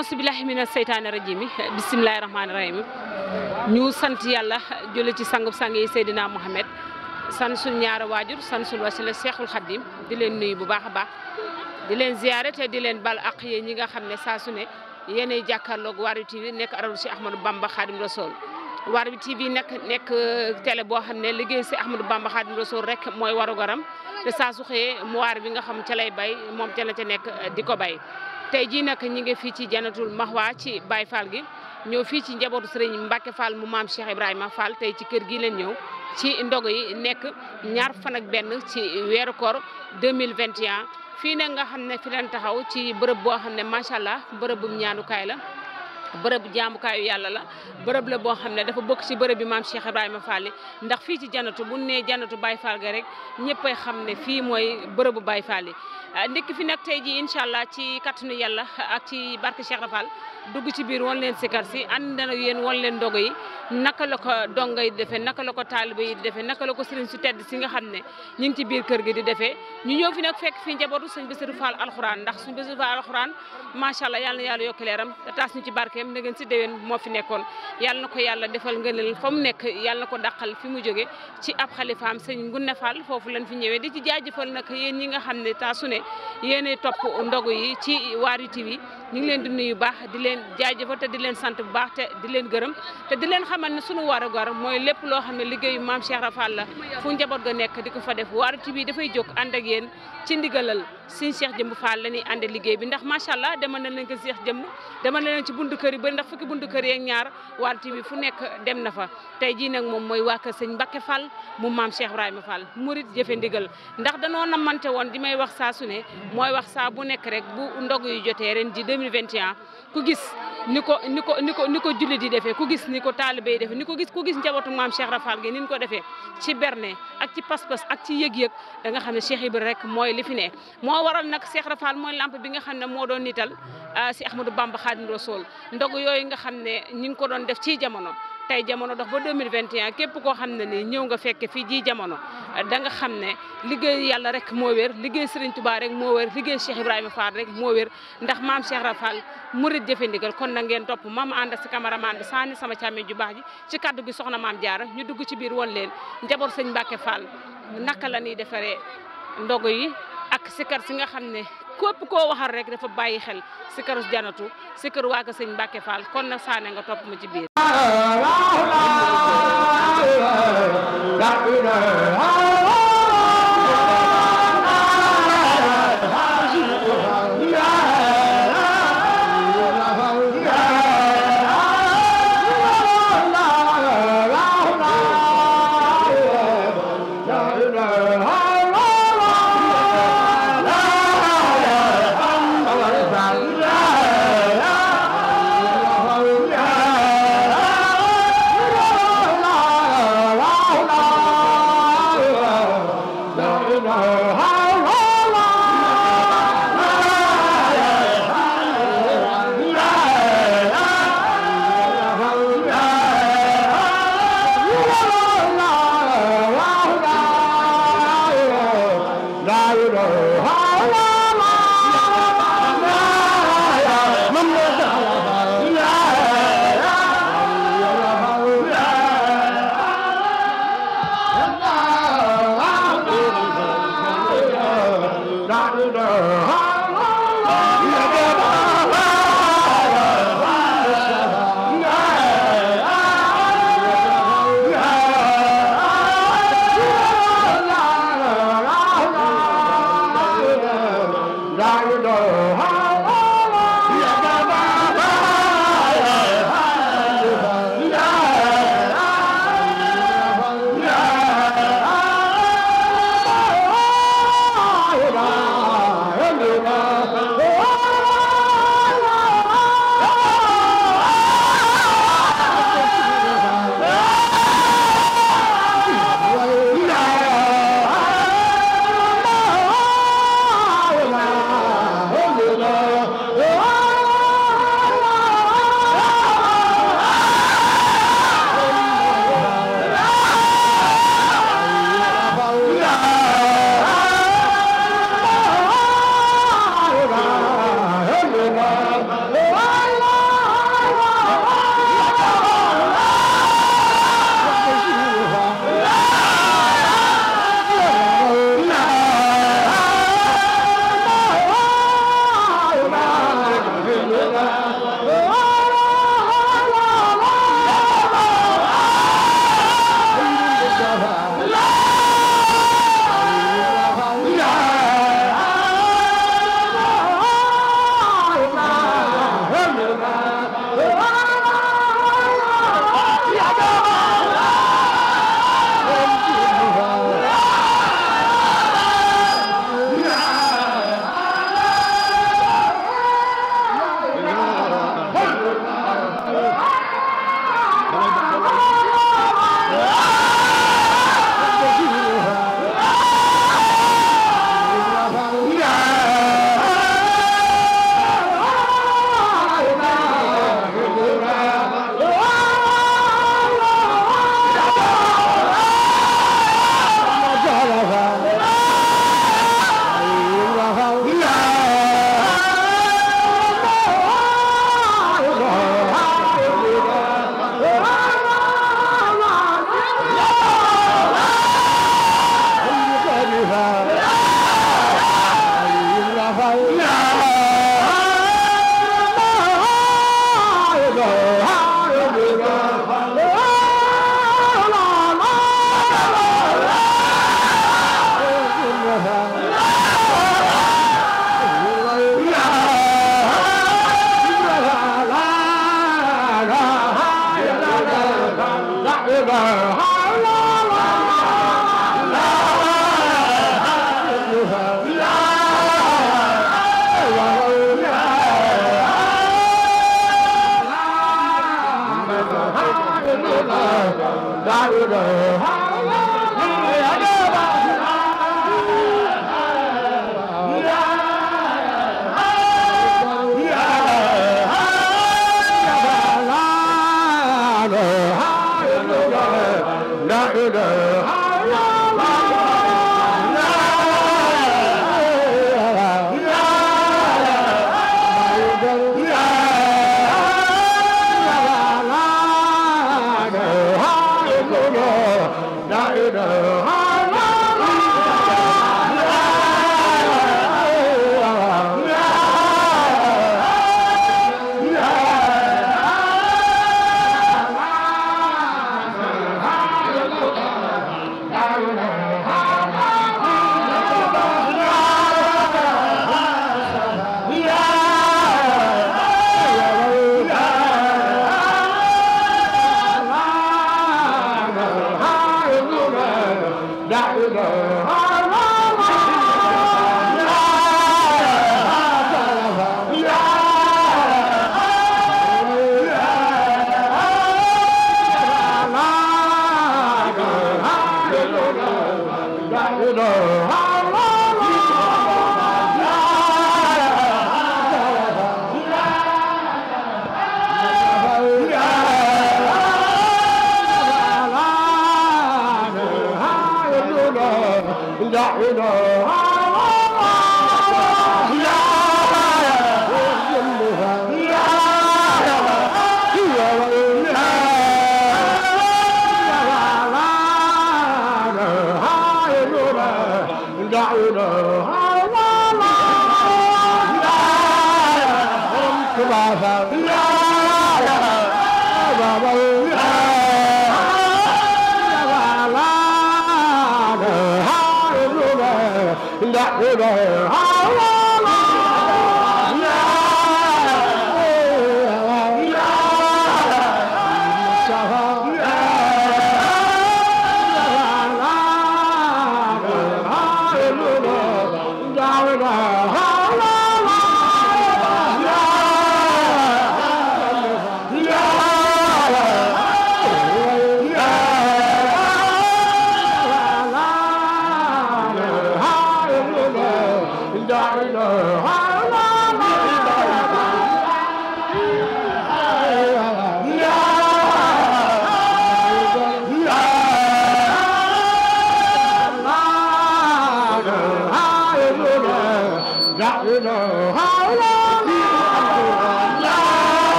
asibilahi mina seytaani rajim yi bisimilahi rahmaani rahim ñu sant yàlla julli ci sangub sang yi Seydina Mohamed san sul ñaara waajur san sul wasila Seexul Xaddim di leen nuy bu baax a baax di leen ziyaare te di leen bal ak yéen ñi nga xam ne saa su ne yéenay jàkkaarloog Waarwi TV nekk aralu si Ahmadou Bamba Xaadim Rasool Waarwi TV nag nekk télé boo xam ne liggéey si Ahmadou Bamba Xaadim Rasool rek mooy warugaram te saa su xëyee mu waar bi nga xam ca lay bay moom ca la ca nekk di ko bay tey jii nag ñi ngi fii ci janatul maxwa ci Baye Fall gi ñëw fii ci njabootu sëriñ Mbacke Fall mu maam Cheikh Ibrahima Fall tey ci kër gi leen ñëw ci ndogo yi nekk ñaar fan ak benn ci weeru koor 2021 fii nag nga xam ne fi leen taxaw ci bërëb boo xam ne macha allah bërëbum ñaanukaay la bërëb jaamukaayu yàlla la bërëb la boo xam ne dafa bokk si bërëb bi maam Cheikh Ibrahima Fall ndax fii ci janatu mun nee janatu Baye Fall ga rek ñëppay xam ne fii mooy bërëbu Baye Fall yi fi nag tey jii incha allah ci kattanu yàlla ak ci barke Cheikh dugg ci biir wan leen sikar si ànd na yéen wan leen ndogo yi naka la ko donga yi di defee naka la taaliba yi di naka la ko su tedd si nga xam ne ñu ngi ci biir kër gi di defee ñu ñëw fi nag fekk fi njabootu sëñ Bassirou Fall alxuraan ndax sëñ Bassirou Fall alxuraan macha allah yàlla na yàlla yokk leeram te taas ñu ci moo fi nekkoon yàlla na ko yàlla defal ngëneel fa mu nekk yàlla na ko dàqal fi mu jóge ci ab xalifaam sëñ Ngoune Fall foofu lañ fi ñëwee di ci jaajëfal nag yéen ñi nga xam ne taasu ne yéene topp ndogu yi ci Waarwi TV ñu ngi leen di nuyu baax di leen leen jaajëfal te di sant bu baax te di leen gërëm te di leen xamal ne sunu war a gor mooy lépp loo xam ne liggéeyu maam Cheikh Rafal la fu njaboot ga nekk di ko fa def Waarwi TV dafay jóg ànd ak yéen ci ndigalal suñ Cheikh Jëmb Fall la ñuy ànd liggéey bi ndax macha allah demal na leen ko Cheikh Jëmb demal na leen ci buntu kër yi bëri ndax fukki buntu kër yeeg ñaar Waarwi bi fu nekk dem na fa te jii nag moom mooy waa kër sëñ Mbakke Fall mu maam Cheikh Ibrahima Fall murit jëfe ndigal ndax danoo namante woon di may wax saa su ne mooy wax saa bu nekk rek bu ndog yu jotee ren ji 2021 ku gis ni ko ni ko ni ko ni ko jullit yi defee ku gis ni ko taalibe yi defee ni ko gis ku gis njabootu maam Cheikh Rafal gi ni ko defee ci berne ak ci pas-pas ak ci yëg-yëg da nga xam ne Cheikh Ibra rek mooy li fi ne moo waral nag Cheikh Rafal mooy lamp bi nga xam ne moo doon nital si ah, bamb Bamba Xaadimu sool ndog yooyu nga xam ne ñu ngi ko doon def ci jamono tey jamono dox ba 2021 képp koo xam ne ni ñëw nga fekke fii ji jamono danga xam ne liggéey yàlla rek moo wér liggéey Serigne Touba rek moo wér liggéey Cheikh Ibrahima Fall rek moo wér ndax maam Cheikh mu murid jëfe ndigal kon na ngeen topp maam ànd ak si cameraman bi saani sama càmmiñ ju baax ji ci kaddu gi soxna maam Jaara ñu dugg ci biir won leen njaboot sëñ Mbàkke Fall naka la ñuy defaree ndogu yi ak sikar si nga xam ne képp koo waxal rek dafa bàyyi xel si këru janatu si kër waa ko sëñ Mbàkke Fall kon nag saane nga topp ma ci biir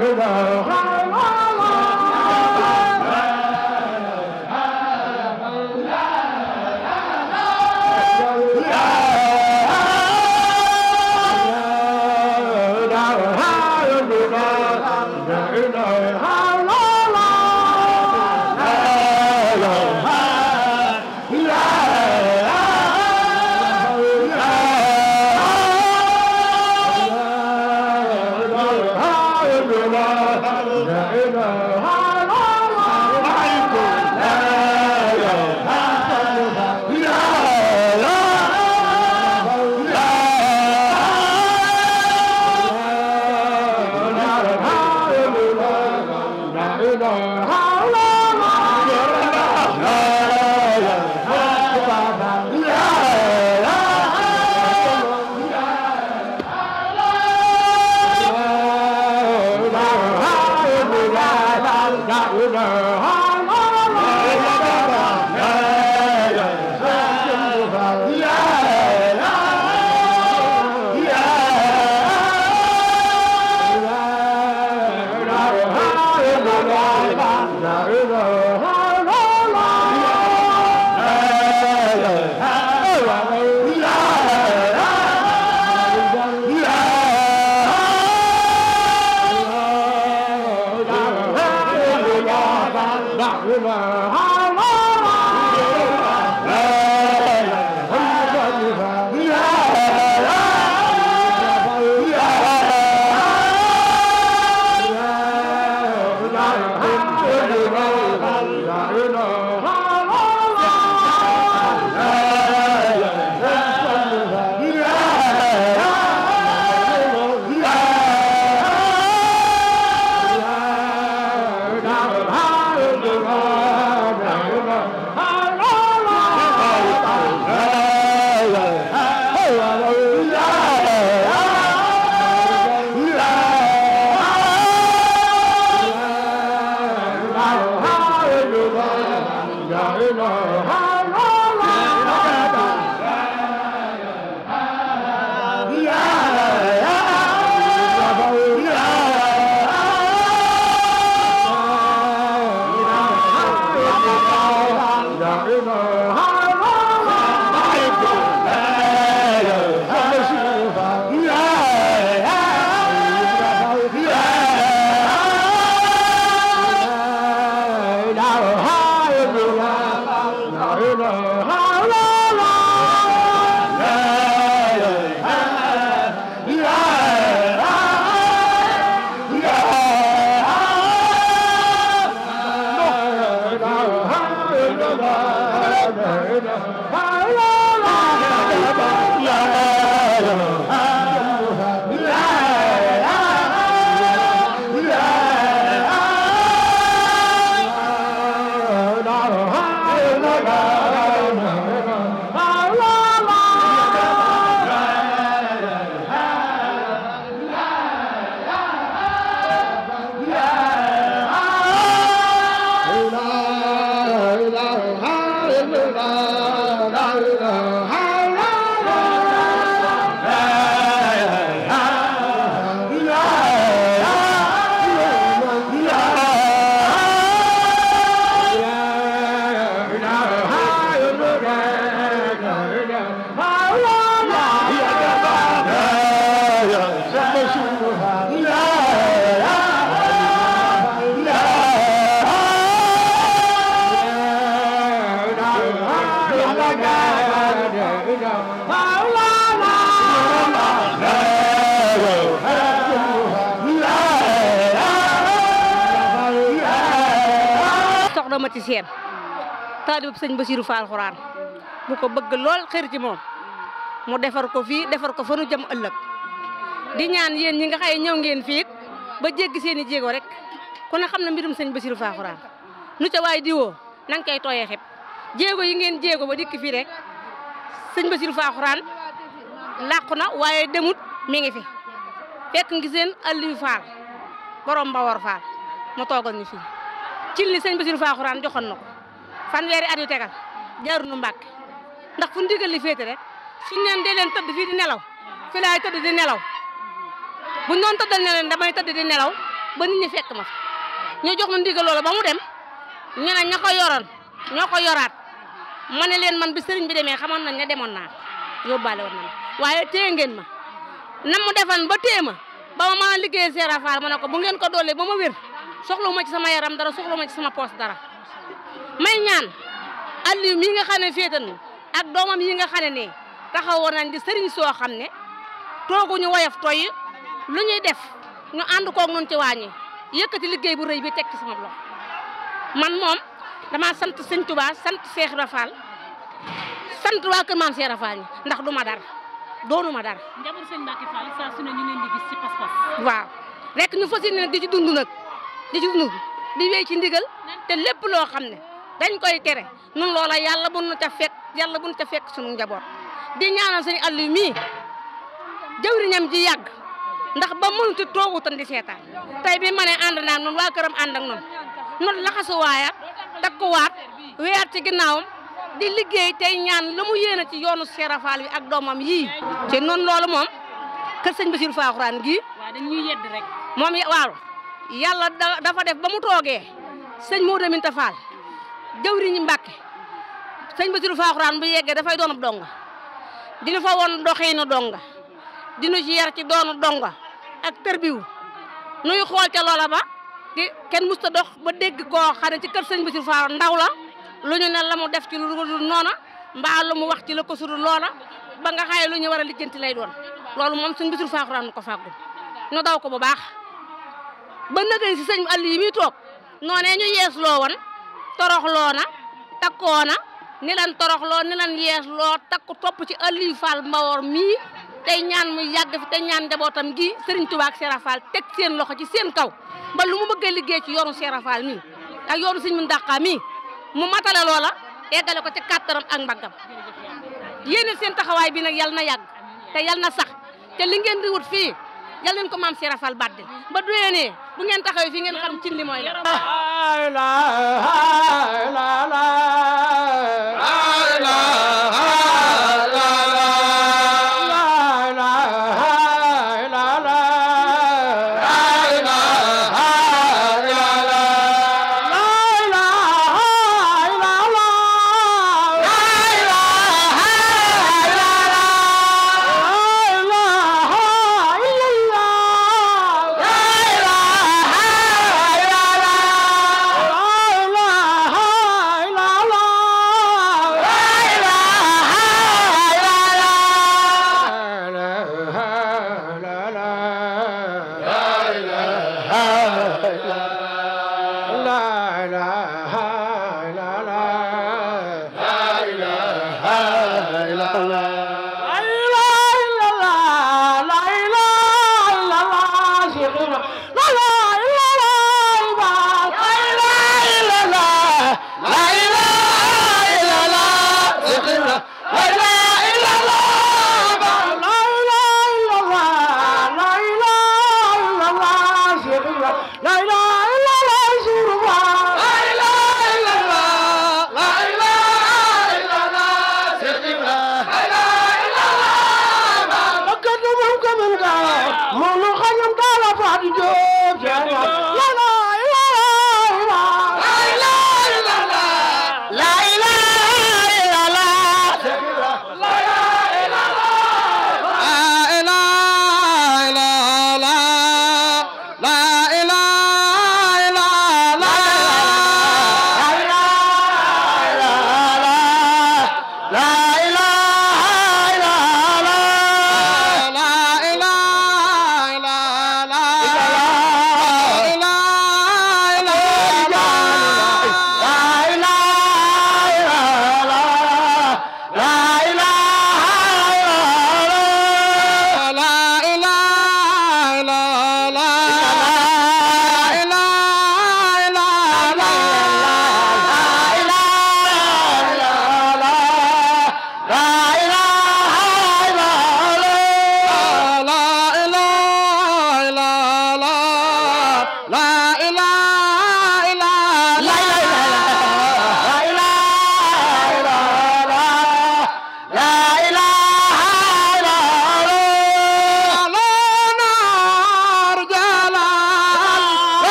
خذها 大日轮。taalibu sëñ Basiru Faal Xuraan bu ko bëgg lool xër ci moom mu defar ko fii defar ko fa nu jëm ëllëg di ñaan yéen ñi nga xay ñëw ngeen fiit ba jéggi seen i jéego rek ku ne xam na mbirum sëñ Basiru Faal Xuraan nu ca waay diwoo nang koy tooyee xib jéego yi ngeen jéego ba dikk fii rek sëñ Basiru Faal Xuraan làqu na waaye demut mi ngi fi fekk ngi seen Aliou Faal borom Mbawar Faal mu toogal ñu fi ci li sëñ Basiru Faal Xuraan joxoon na fan at yu tegal jaaru nu Mbàkke ndax fu ndigal li féete rek suñu neen dee leen tëdd fii di nelaw fi laay tëdd di nelaw bu ñu doon tëddal ne leen damay tëdd di nelaw ba nit ñi fekk ma ñu jox ma ndigal loola ba mu dem ñu ne ña ko yoroon ñoo ko yoraat ma ne leen man bi sëriñ bi demee xamoon nañ ne demoon naa yóbbaale woon na waaye téye ngeen ma na mu defan ba téye ma ba ma mën a liggéey Seera Faal ma ne ko bu ngeen ko doolee ba ma wér soxlawu ma ci sama yaram dara soxlawu ma ci sama poos dara may ñaan Aliou mii nga xam ne féetanu ak doomam yi nga xam ne nii taxawoon nañ di sëriñ soo xam ne tooguñu woyof toy lu ñuy def ñu ànd koog noonu ci waañi yëkkati liggéey bu rëy bi tekki sama loxo man moom dama sant sëñ Tuubaa sant Seex Rafaal sant waa kër maam Seex Rafaal ñi ndax du ma dara doonu ma dara. njaboot sëñ Mbacke Fall saa su di ci pas-pas. waaw rek ñu fas di ci dund di ci dund di wéy ci ndigal te lépp loo xam ne. dañ koy tere nun loola yàlla bu nu ca fekk yàlla bu nu sunu njaboot di ñaanal sëñ Aliou mii jëwriñam ji yàgg ndax ba mënuti toogu tan seetaan tey bii ma ne ànd naa noonu waa këram ànd ak noonu noonu laxasuwaayat takkuwaat weer ci ginnaawam di liggéey tey ñaan la mu yéene ci yoonu seerafaal bi ak doomam yii ci noonu loolu moom kër sëñ Bassirou Faxuraan gii gi dañuy yedd rek moom waaw yàlla dafa def ba mu toogee sëñ Modou Minta Fall jëwriñu Mbàkke sëñ Basiru Faaxuraan bu yeggee dafay doonub donga dina fa woon doxiinu donga dinu ci yar ci doonu donga ak tërbiwu nuy xool ca loola ba di kenn musta dox ba dégg koo xam ne ci kër sëñ Basiru Faaxuraan ndaw la lu ñu ne la mu def ci lu dul noona mbaa lu mu wax ci la ko sudul loola ba nga xaye lu ñu war a lijjanti lay doon loolu moom sëñ Basiru Faaxuraan nu ko fàggul nu daw ko bu baax ba nëgëy si sëñ Aliou yi muy toog noonee ñu yees loo woon toroxloo na takkoo na ni lan toroxloo ni lan yees loo takku topp ci Aliou Fall Mbaor mii tey ñaan mu yàgg fi tey ñaan njabootam gi Serigne Touba ak Cheikh Fall teg seen loxo ci seen kaw ba lu mu bëggee liggéey ci yoonu Cheikh Fall mii ak yoonu Serigne Mountakha mii mu matale loola eggale ko ci kàttaram ak mbaggam yéen seen taxawaay bi nag yal na yàgg te yal na sax te li ngeen di wut fii yal nañ ko maam si rafal baddi ba doyenee du ngeen taxawee fii ngeen xam cin li mooy la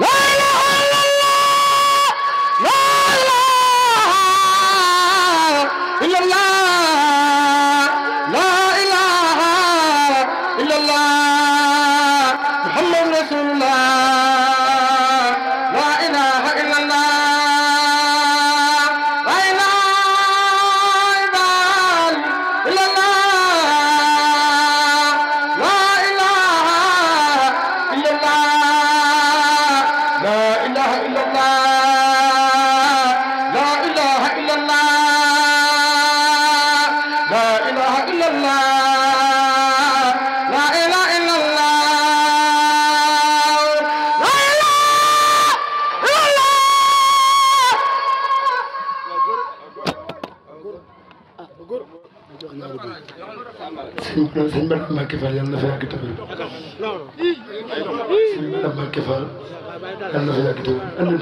لا Fall yàlla na fa yàgg te andi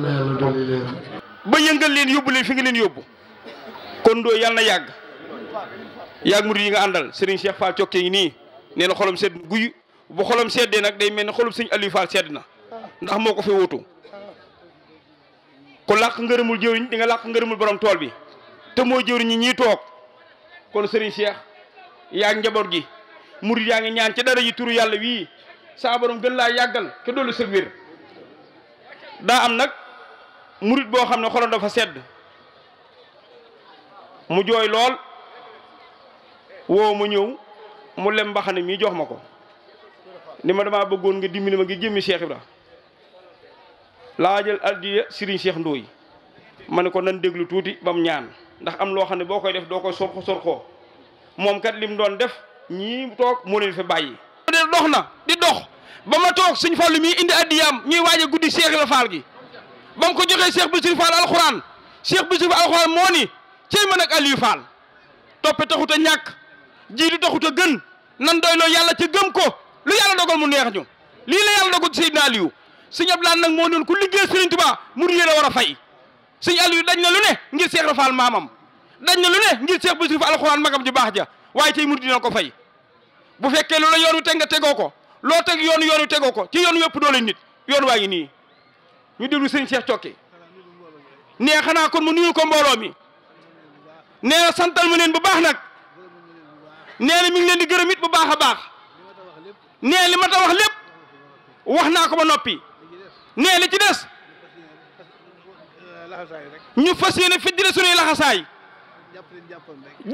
na yàlla dolli leen ba yëngal leen yóbbu leen fi nga leen yóbbu kon doo yàlla na yàgg yàgg murid yi nga àndal sëriñ Cheikh Fall cokkee ngi nii nee na xolam sedd guy bu xolam seddee nag day mel ne xolum sëñ Aliou Fall sedd na ndax moo ko fi wutu ko làq ngërëmul jëwriñ di nga làq ngërëmul borom tool bi te moo jëwriñ ñi ñii toog kon Serigne Cheikh yaa njaboot gi murid yaa ngi ñaan ci dara yi turu yàlla wii saa borom gën laa yàggal ke dolli sa daa am nag murid boo xam ne xolam dafa sedd mu jooy lool woo mu ñëw mu lem mbaxane mi jox ma ko ni ma damaa bëggoon nga dimbali ma ngi jëmmi Cheikh Ibra laa jël addiya Serigne Cheikh Ndoye ma ne ko nan déglu tuuti ba mu ñaan ndax am loo xam ne boo koy def doo koy sorko sorko moom kat lim doon def ñii toog moo leen fi bàyyi. dox na di dox ba ma toog suñ Fallu mi indi addiyaam ñuy waaj a guddi Seex Ibra Faal gi ba mu ko joxee Seex Basiru Faal alxuraan Seex Basiru Faal alxuraan moo ni cey man ak Aliou Faal toppe taxut a ñàkk jiitu taxut a gën nan doy loo yàlla ca gëm ko lu yàlla dogal mu neex ñu lii la yàlla dogal ci Seydina Aliou sëñ Abdou Lahad nag moo noonu ku liggéey Sëriñ Tuubaa murid la war a fay sëñ Aliou dañ na lu ne ngir Cheikh Rafaal maamam dañ na lu ne ngir Cheikh si Faal alxuraan magam ju baax ja waaye tey murid dina ko fay bu fekkee loola yoon wi teg nga tegoo ko loo teg yoon yoon wi tegoo ko ci yoon wépp doole nit yoon waa ngi nii ñu déglu sëñ Cheikh Cokke nee xanaa kon mu nuyu ko mbooloo mi nee na santal ma leen bu baax nag nee na mi leen di gërëm it bu baax a baax nee li ma ta wax lépp wax naa ko ba noppi nee li ci des ñu fas yéene fi dina sunuy laxasaay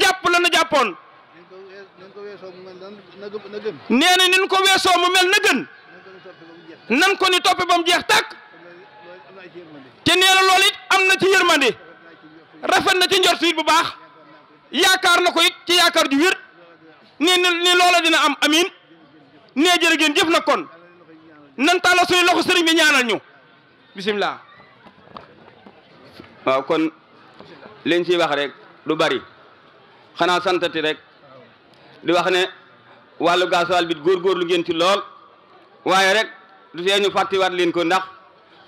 jàpp la nu jàppoon nee na nin ko weesoo mu mel na gën nan ko ni toppe ba mu jeex tàkk te nee na loolu it am na ci yërmande rafet na ci njort it bu baax yaakaar na ko it ci yaakaar ju wér ne ni loola dina am amin nee jërë jëf na kon nan tàllal suñu loxo sëriñ bi ñaanal ñu waaw kon liñ ciy wax rek du bari xanaa santati rek di wax ne wàllu gasoil bi lu ngeen ci lool waaye rek du tee ñu fàttiwaat leen ko ndax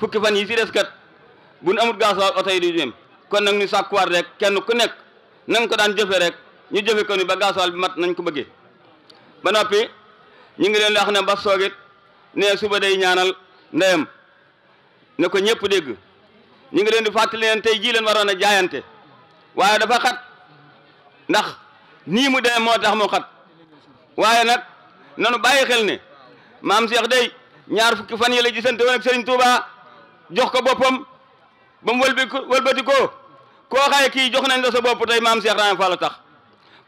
fukki fan yi ci des kat bu nu amul gasoil oto yi du dem kon nag ñu waat rek kenn ku nekk na ko daan jëfe rek ñu jëfe ko ni ba gasoil bi mat nañ ko bëggee ba noppi ñu ngi leen di wax ne ba soogit ne suba day ñaanal ndeyam ne ko ñëpp dégg ñu ngi leen di fàttali leen tey jii leen waroon a jaayante waaye dafa xat ndax nii mu demee moo tax mu xat waaye nag nanu bàyyi xel ne maam seex day ñaar fukki fan yi la gisante woon ak Serigne Touba jox ko boppam ba mu wëlbi wëlbati ko koo xaye kii jox nañ la sa bopp tey maam seex Rahane Fall a tax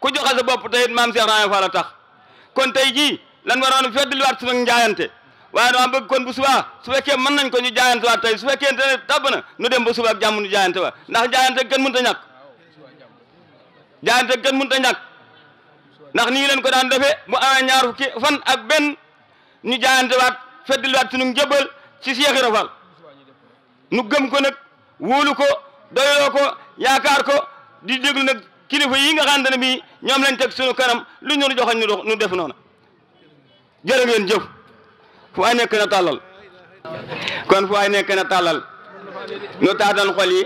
ku joxe sa bopp tey maam Cheikh Rahane Fall tax kon tey jii lan waroon a feddliwaat suñu njaayante waaye dama bëgg kon bu subaa su fekkee mën nañ ko ñu jaayante waat tey su fekkee ne tàbb na nu dem ba suba ak jàmm ñu jaayante waat ndax jaayante gën mënut a ñàkk jaayante gën mënut a ñàkk ndax nii leen ko daan defee mu amee ñaar ki fan ak benn ñu jaayante waat feddil waat suñu njëbal ci Seex Ibra Faal nu gëm ko nag wóolu ko doyloo ko yaakaar ko di déglu nag kilifa yi nga xamante ne bii ñoom lañ teg suñu kanam lu ñu joxoñ nu def noonu jërë leen jëf fu ay nekk na tàllal kon fu ay na tàllal nu taatan xol yi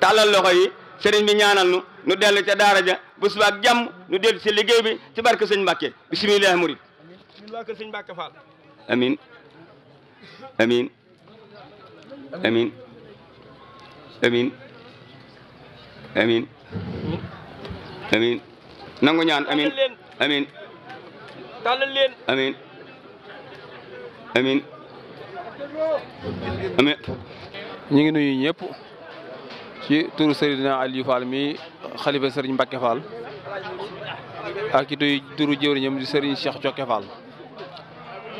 tàllal loxo yi sëriñ bi ñaanal nu nu dellu ca daara ja bu subaa ak jàmm nu dellu si liggéey bi ci barke sëñ Mbàkke bisimilah murid amin amin amin amin ñu ngi nuyu ñëpp ci turu Serigne Aliou Fall mi xalifa Serigne Mbacke Fall ak ci tuy turu jëwriñam di Serigne Cheikh Jokke Fall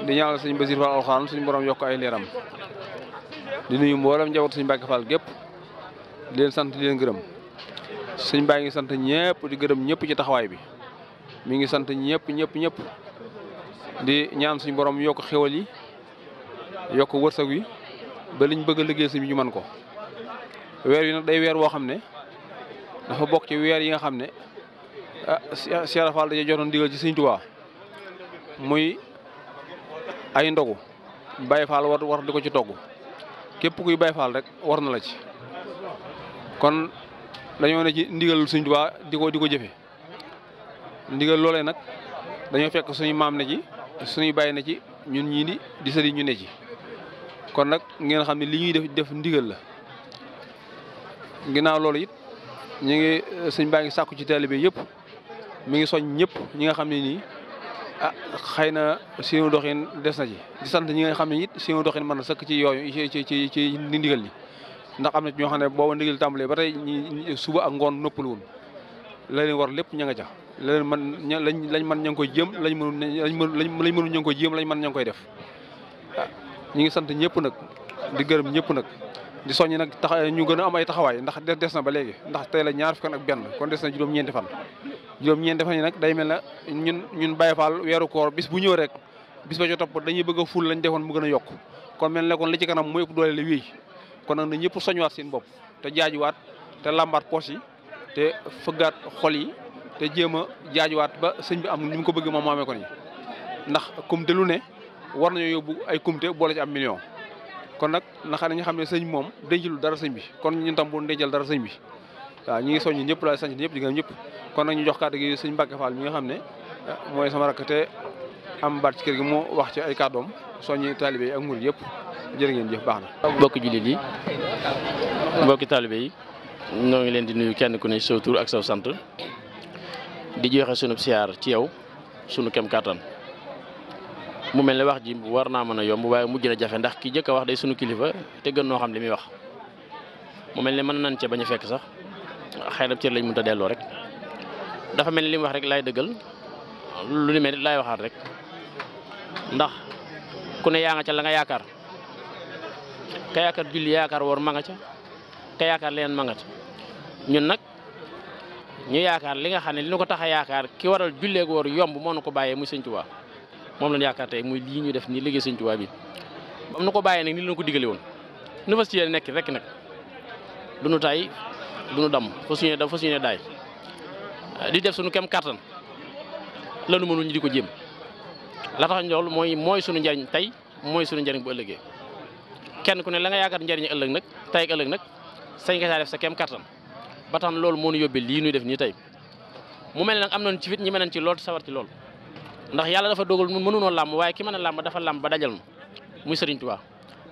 di ñaanal Serigne Basir Fall alxaan suñu borom yokk ay leeram di nuyu mboolem njaboot Serigne Mbacke Fall gépp di leen sant di leen gërëm Serigne baa ngi sant ñëpp di gërëm ñëpp ci taxawaay bi mu ngi sant ñëpp ñëpp ñëpp di ñaan suñu borom yokk xéwal yi yokk wërsëg wi ba liñ bëgg a liggéey si bi ñu mën ko weer wi nag day weer woo xam ne dafa bokk ci weer yi nga xam ne ah Cheikh Fall dañuy jotoon digal ci Sëriñ Tuubaa muy ay ndogu bay Faal war di ko ci togg képp kuy Baay Faal rek war na la ci kon dañoo ne ci ndigalul Sëriñ Tuubaa di ko di ko jëfe ndigal loolee nag dañoo fekk suñu maam ne ci suñuy bay ne ci ñun ñii di di sëriñ ñu ne ci kon nag ngeen xam ne li ñuy def def ndigal la ginnaaw loolu it ñu ngi sëñ baa ngi sàkku ci taalibe yëpp mu ngi soñ ñëpp ñi nga xam ne nii ah xëy na seenu doxin des na ci di sant ñi nga xam ne it seenu doxin mën na sëkk ci yooyu ci ci ci ndigal li ndax am ne ñoo xam ne booba ndigal tàmbalee ba tey suba ak ngoon noppalu woon la leen war lépp ña nga ca la leen man lañ lañ mën ña ngi koy jëm lañ mënu lañ mënu lañ mënu ña ngi jéem lañ mën ña ngi koy def ñu ngi sant ñëpp nag di gërëm ñëpp nag di soññ nag tax ñu gën a am ay taxawaay ndax des na ba léegi ndax tey la ñaar fukk ak benn kon des na juróom-ñeenti fan. juróom-ñeenti fan yi nag day mel na ñun ñun Baye Fall weeru koor bis bu ñëw rek bis ba ca topp dañuy bëgg a ful lañ defoon mu gën a yokk kon mel ne kon li ci kanam mooy ëpp doole la wéy kon nag na ñëpp soñwaat seen bopp te jaajuwaat te lambaat poche yi te fëggaat xol yi te jéem a waat ba sëñ bi am ni mu ko bëgg moom moo amee ko ndax comme de ne war nañoo yóbbu ay comité boole ci am million kon nag naxa nañu xam ne sëñ moom dencul dara sëñ bi kon ñun tam bu dencal dara sëñ bi waaw ñi ngi soññi ñëpp laa sëñ ñëpp di gërëm ñëpp kon nag ñu jox kàddu gi sëñ Mbacke Fall mi nga xam ne eh, mooy sama rakk te am baat ci kër gi moo wax ci ay kàddoom soññi taalibe yi ak murid yëpp jërë ngeen jëf baax na. mbokki jullit yi mbokki taalibe yi ñoo ngi leen di nuyu kenn ku ne sa tur ak saw sant di joxe sunu siyaar ci yow sunu kem kàttan mu mel ne wax ji war naa mën a yomb waaye mujj na jafe ndax ki jëkk a wax day sunu kilifa te gën noo xam li muy wax mu mel ne mën nañ cee bañ a fekk sax xëy na cër lañ mënut a delloo rek dafa mel ni li mu wax rek laay dëggal lu ni mel laay waxaat rek ndax ku ne yaa nga ca la nga yaakaar ka yaakaar julli yaakaar woor ma nga ca ka yaakaar leen ma nga ca ñun nag ñu yaakaar li nga xam ne li ñu ko tax a yaakaar ki waral julleeg woor yomb moo na ko bàyyee muy Sëñ Tuubaa moom lañ yaakaar tey muy lii ñu def nii liggéey sëñ Tuubaa bi bam na ko bàyyee nag ni la ko digale woon nu fas yéene nekk rek nag du nu tay du dam fas yéene dam fas daay di def suñu kem kàttan lanu mënul ñu di ko jéem la tax loolu mooy mooy suñu njariñ tey mooy sunu njariñ bu ëllëgee kenn ku ne la nga yaakaar njariñ ëllëg nag tey ak ëllëg nag sañ ka saa def sa kem kàttan ba tax loolu moo ñu yóbbee lii nuy def nii tey mu mel nag am nañu ci fit ñi mel nañ ci lool sawar ci ndax yàlla dafa dogal nun mënunoo làmb waaye ki mën a làmb dafa làmb ba dajal nu muy Sëriñ Tuubaa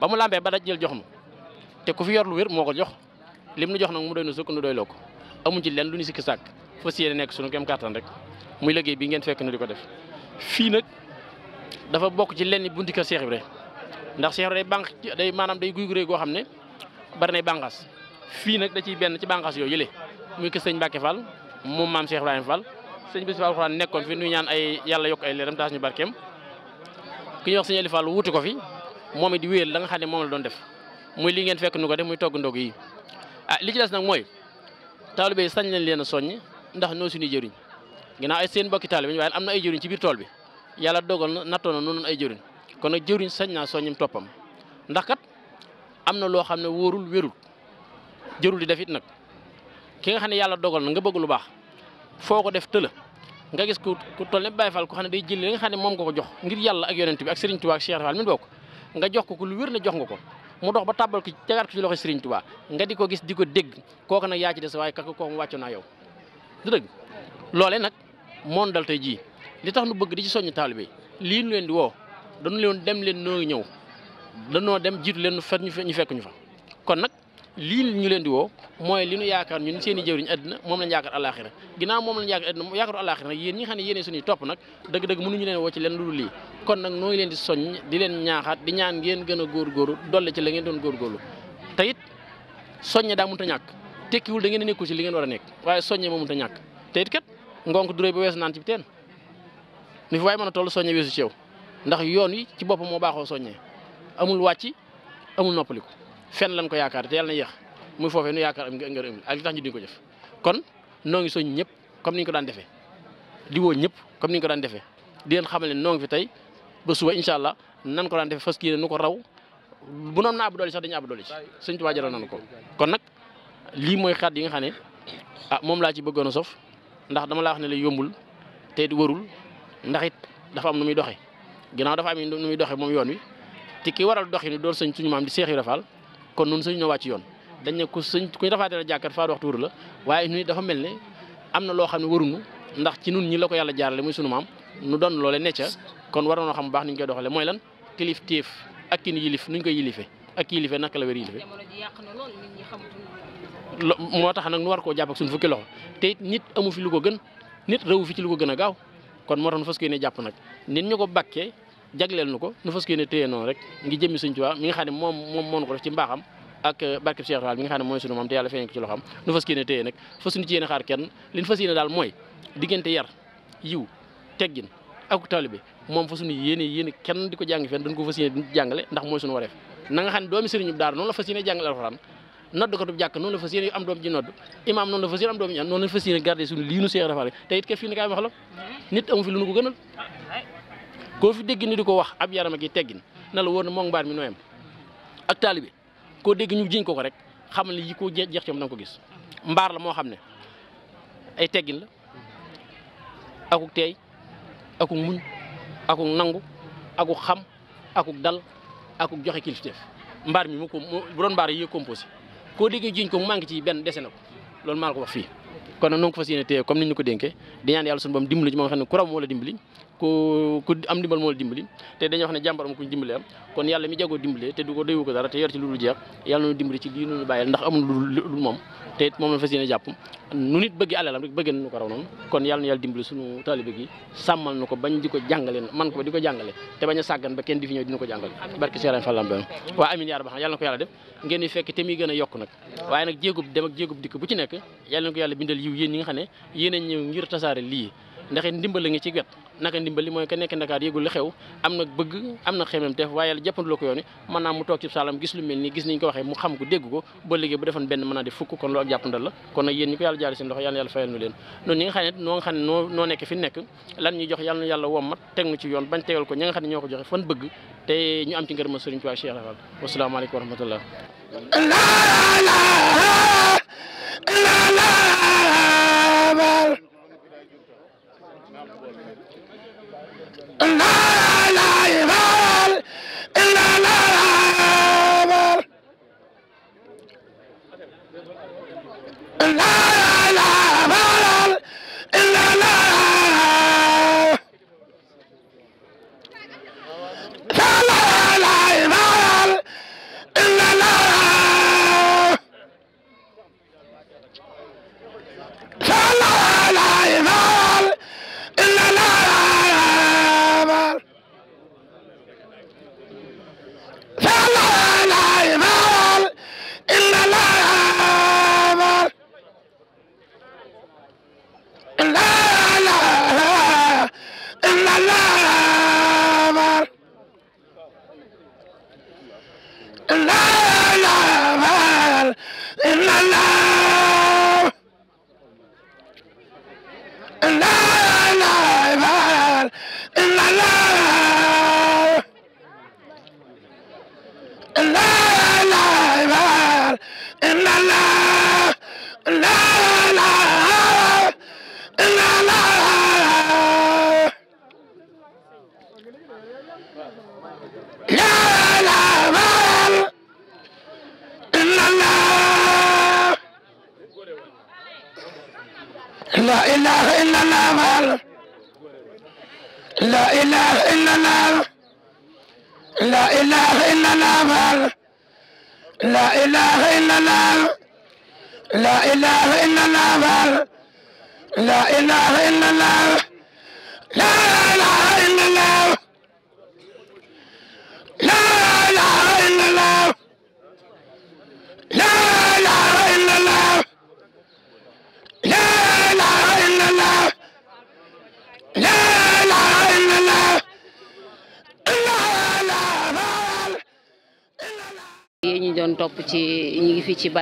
ba mu làmbee ba dajal jox na te ku fi yor lu wér moo ko jox lim nu jox na mu doy nu sukk nu doy loo ko amuñ ci lenn lu ñu sikk sàkk fas yéene nekk suñu kem kàttan rek muy liggéey bi ngeen fekk nu di ko def fii nag dafa bokk ci lenn bunti kër Cheikh Ibra ndax Cheikh Ibra day bànq day maanaam day guy guree goo xam ne bari nay bànqaas fii nag da ciy benn ci bànqaas yooyu yële muy kër Sëñ Mbàkke Fall moom maam Cheikh sëñ Bassirou alxuraan nekkoon fi nu ñaan ay yàlla yokk ay leeram taas ñu barkeem ki ñuy wax sëñ Aliou Fall ko fi moom it di wéyal la xam ne moom la doon def muy li ngeen fekk nu ko def muy togg ndog yi ah li ci des nag mooy taalibe yi sañ leen leen a soññ ndax noo suñuy jëriñ ginnaaw ay seen bokki ñu waaye am na ay jëriñ ci biir tool bi yàlla dogal na nattoo na noonu ay jëriñ kon nag jëriñ sañ naa soññim toppam ndax kat am na loo xam ne wóorul wérul jërul di def it nag ki nga xam ne yàlla dogal na nga bëgg lu baax foo ko def tëla nga gis ku ku toll ne Baye Fall ko xam ne day jël li nga xam ne moom nga ko jox ngir yàlla ak yonent bi ak Serigne Touba ak Cheikh Fall nga jox ko ku lu wér ne jox nga ko mu dox ba tàbbal ko jagaat ko ci loxo Serigne Touba nga di ko gis di ko dégg kooku nag yaa ci des waaye kooku mu wàccu naa yow du dëgg loolee nag moon dal tey jii li tax nu bëgg di ci soññ bi lii nu leen di woo dañu leen dem leen noo ñëw danoo dem jiitu leen ñu fekk ñu fekk ñu fa kon nag lii ñu leen di woo mooy li ñu yaakaar ñun seen i jëwriñ àddina moom lañ yaakaar àllaaxira ginnaaw moom lañ yaakaar àddina yaakaaru àllaaxira nag yéen ñi nga xam ne yéenee suñuy topp nag dëgg-dëgg mënuñu leen woo ci leen lu dul lii kon nag noo leen di soññ di leen ñaaxaat di ñaan ngeen gën a góor góorgóorlu dolli ci la ngeen doon góorgóorlu te it soññe daa mënta ñàkk tekkiwul da ngeen nekkul ci li ngeen war a nekk waaye soññe moo mënta ñàkk te it kat ngonk duréy ba weesu naan ci a toll soññe weesu ci yow ndax yoon wi ci boppam moo baaxoo soññee amul wàcc amul noppaliku fenn lañ ko yaakaar te yàlla na yéex muy foofee nu yaakaar am ngër am ak li ko jëf kon noo ngi soñ ñëpp comme ni ñu ko daan defee di ñëpp comme ni ñu ko daan defee di xamal ne noo fi tey ba suba incha nan ko daan defee fas kii ne nu ko raw bu noon na àbb doole sax dañu àbb doole ci sëñ Tuubaa jaral ko kon nag lii mooy xaat yi nga xam ne ah moom laa ci bëggoon a sof ndax dama laa wax ne la yombul te it warul ndax it dafa am nu muy doxee ginnaaw dafa am nu muy doxee moom yoon wi te ki waral doxi ni doon sëñ suñu maam di Seex Ibra Faal kon nun suñ ñoo wàcc yoon dañ ne ku suñ kuñ rafetee jàkkaat faat waxtu wër la waaye ñun dafa mel ne am na loo xam ne waruñu ndax ci nun ñi la ko yàlla jaarale muy sunu maam nu doon loole necca kon war nañoo xam bu baax ni ñu koy doxale mooy lan kilif téef ak kin yilif nuñ koy yilifee ak yilifee naka la wér yilifee moo tax nag nu war koo jàpp ak suñu fukki loxo te it nit amu fi lu ko gën nit rewu fi ci lu ko gën a gaaw kon moo tax nu fas yéene jàpp nag nit ñu ko bàkkee jagleel nu ko nu fas yéene téye noonu rek ngi jëmmi Sëñ Tuubaa mi nga xam ne moom moom moo ko def ci mbaaxam ak euh, barkeb Cheikh Fall mi nga xam ne mooy sunu maam te yàlla feeñ ko ci loxam nu fas yéene téye nag fas ñu ci yéene xaar kenn li daal na nga noonu la fas yéene jàngale alxuraan noonu la fas yéene am doom ji nodd imaam noonu la fas yéene am lii nu Cheikh Fall te it ke fii ne kaay wax la nit amu fi lu nu ko gënal koo fi dégg ni di ko wax ab yaram ak i teggin na la wóor ne moom mbaar mi nooyam ak taalibe koo dégg ñu jiñ ko ko rek xamal ne yi ko jeex jeex ci ko gis mbaar la moo xam ne ay teggin la akuk teey akuk muñ akuk nangu akuk xam akuk dal akuk joxe kilifteef mbaar mi mu ko bu doon mbaar yi composé koo déggee jiñ ko mu manqué ci benn dese na ko loolu maa la ko wax fii kon nag noo ngi ko fas yéene téye comme ni ñu ko dénkee di ñaan yàlla suñu boom dimbali ci ma xam ne ku raw moo la dimbali ku am dimbal moo la dimbali te dañuy wax ne jàmbar am kuñ dimbali kon yàlla mi jagoo dimbali te du ko doyu ko dara te yor ci lu dul jeex yàlla nu dimbali ci lii nu bàyyil ndax amul lu moom te moom la fas yéene jàpp nu nit bëgg alalam rek bëggeen nu ko raw noonu kon yàlla na yàlla dimbali suñu taalibe gi sàmmal nu ko bañ di ko jàngale man ko di ko jàngale te bañ a sàggan ba kenn di fi ñëw dina ko jàngale barki seeraan fallam ba waa amin yaa rabbal yàlla na ko yàlla def ngeen di fekk te muy gën a yokk nag waaye nag jéegub dem ak dikk bu ci nekk yàlla na ko yàlla bindal yiw yéen nga xam ne yéen a ñëw ngir tasaare lii ndax ndimbal la ngi ci wet naka ndimbal li mooy ka nekk Ndakaar yëgul li xew am na bëgg am na xemem teef waaye yàlla jàppanduloo ko yooni mën naa mu toog ci saalam gis lu mel nii gis niñ ko waxee mu xam ko dégg ko ba liggéey bu defoon benn mën naa di fukk kon loolu ak jàppandal la kon nag yéen ko yàlla jaari seen loxo yàlla yàlla fayal nu leen noonu ñi nga xam ne noo nekk fi nekk lan ñuy jox yàlla nu yàlla teg nu ci yoon bañ tegal ko ñi nga xam ne ñoo ko joxe fan bëgg te ñu am ci ngërëm sëriñ la la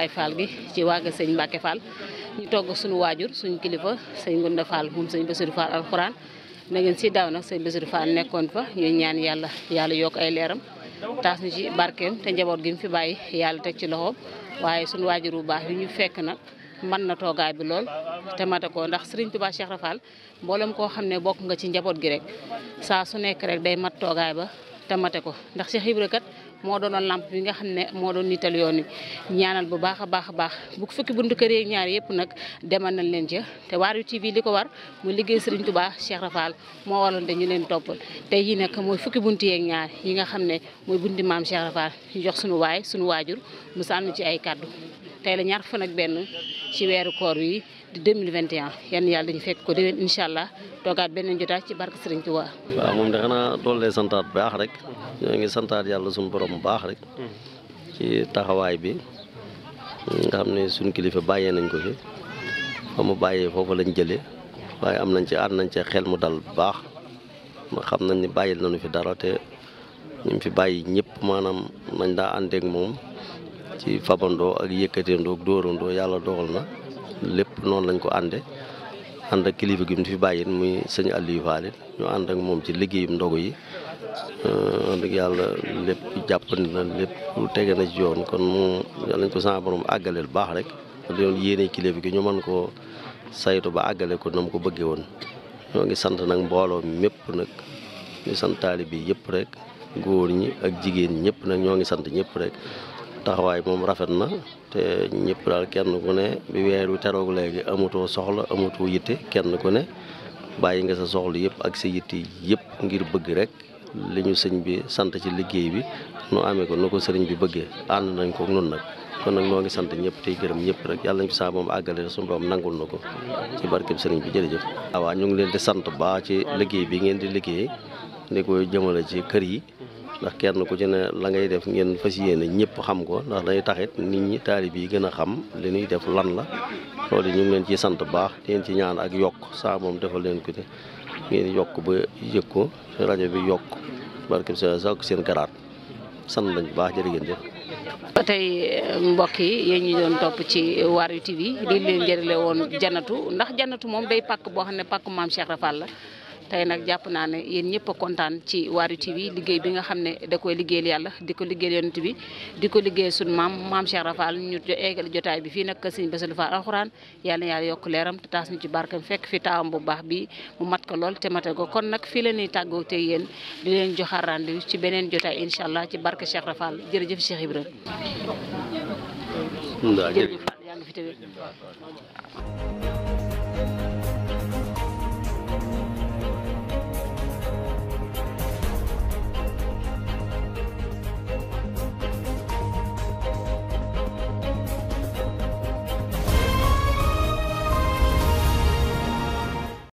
Baye Fall gi ci waa kër sëñ Mbacke ñu togg suñu waajur suñu kilifa sëñ Ngunda Fall moom sëñ Bassirou Fall alxuraan na ngeen si daaw na sëñ Bassirou Fall nekkoon fa ñuy ñaan yàlla yàlla yokk ay leeram taas ñu ci barkeem te njaboot gi mu fi bàyyi yàlla teg ci loxoom waaye suñu waajur wu baax yi ñu fekk nag man na toogaay bi lool te mate ko ndax Serigne Touba Cheikh Rafal mboolem koo xam ne bokk nga ci njaboot gi rek saa su nekk rek day mat toogaay ba moo doonoon làmp bi nga xam ne moo doon nital yoon yi ñaanal bu baax a baax a baax bu fukki buntu kër yeeg ñaar yëpp nag demal nañ leen ca te Waarwi TV li ko war mu liggéey Serigne Touba Cheikh Rafal moo waroon te ñu leen toppal tey yi nag mooy fukki buntu yeeg ñaar yi nga xam ne mooy bunti maam Cheikh Rafal ñu jox suñu waay suñu waajur mu sànni ci ay kàddu tey la ñaar fan ak benn ci weeru koor wi di 2021 yan yàlla ñu fekk ko déwén incha allah toogaat beneen jotaay ci barke Sëriñ Tuubaa. waaw moom de xanaa doolu lay santaat baax rek ñoo ngi santaat yàlla suñu borom baax rek ci taxawaay bi nga xam ne suñu kilifa bàyyee nañ ko fi fa mu bàyyee foofu lañ jëlee waaye am nañ ci ànd nañ ci xel mu dal bu baax ma xam nañ ni bàyyil nañu fi dara te ñu fi bàyyi ñëpp maanaam nañ daa àndeek moom ci fabandoo ak yëkkateendoo ak dóorandoo yàlla dogal na lépp noonu lañ ko àndee ànd ak kilifa gi mu fi bàyyin muy sëñ Aliou Fall ñu ànd ak moom ci liggéeyum ndogu yi ànd euh, ak yàlla lépp jàppandi na lépp tege na ci yoon kon mu yàlla nañ ko sama borom àggaleel baax rek di doon kilifa gi ñu mën koo saytu ba àggale ko na mu ko bëggee woon. ñoo ngi sant nag mbooloo mépp nag ñu sant taalibe yi yëpp rek góor ñi ak jigéen ñëpp nag ñoo ngi sant ñëpp rek taxawaay moom rafet na. te ñëpp daal kenn ku ne bi weer wi teroog léegi amatoo soxla amatoo yitte kenn ku ne bàyyi nga sa soxla yëpp ak sa yitte yëpp ngir bëgg rek li ñu sëñ bi sant ci liggéey bi nu amee ko na ko sëriñ bi bëggee ànd nañ ko noonu nag kon nag noo ngi sant ñëpp tey gërëm ñëpp rek yàlla nañ fi saa moom àggale suñu borom nangul na ko ci barkeb sëriñ bi jërëjëf waaw ñu ngi leen di sant baa ci liggéey bi ngeen di liggéey di ko jëmale ci kër yi ndax kenn ku ci ne la ngay def ngeen fas yéene ñëpp xam ko ndax day taxit nit ñi taalib yi gën a xam li ñuy def lan la loolu ñu ngi leen ci sant baax di leen ci ñaan ak yokk saa moom defal leen ko te ngeen yokk ba yëg ko rajo bi yokk barke sa sa seen garaat sant lañ bu baax jërë ngeen jëf ba tey mbokk yi yéen ñu doon topp ci Waarwi TV lii leen jërilee woon janatu ndax janatu moom day pakk boo xam ne pàkk maam Cheikh Rafal la tey nag jàpp naa ne yéen ñëpp a kontaan ci Waarwi TV liggéey bi nga xam ne da koy liggéeyal yàlla di ko liggéeyal yonent bi di ko liggéeyal suñu maam maam Cheikh Rafal ñu eggal jotaay bi fii nag Sëriñ Bassirou Fall alxuraan yàlla na yàlla yokk leeram te taas ñu ci barkam fekk fi taawam bu baax bi mu mat ko lool te mate ko kon nag fii leen ñuy tàggoo te yéen di leen joxaat rendez-vous ci beneen jotaay incha allah ci barke Cheikh Rafal jërëjëf Cheikh Ibrahima. bi Fall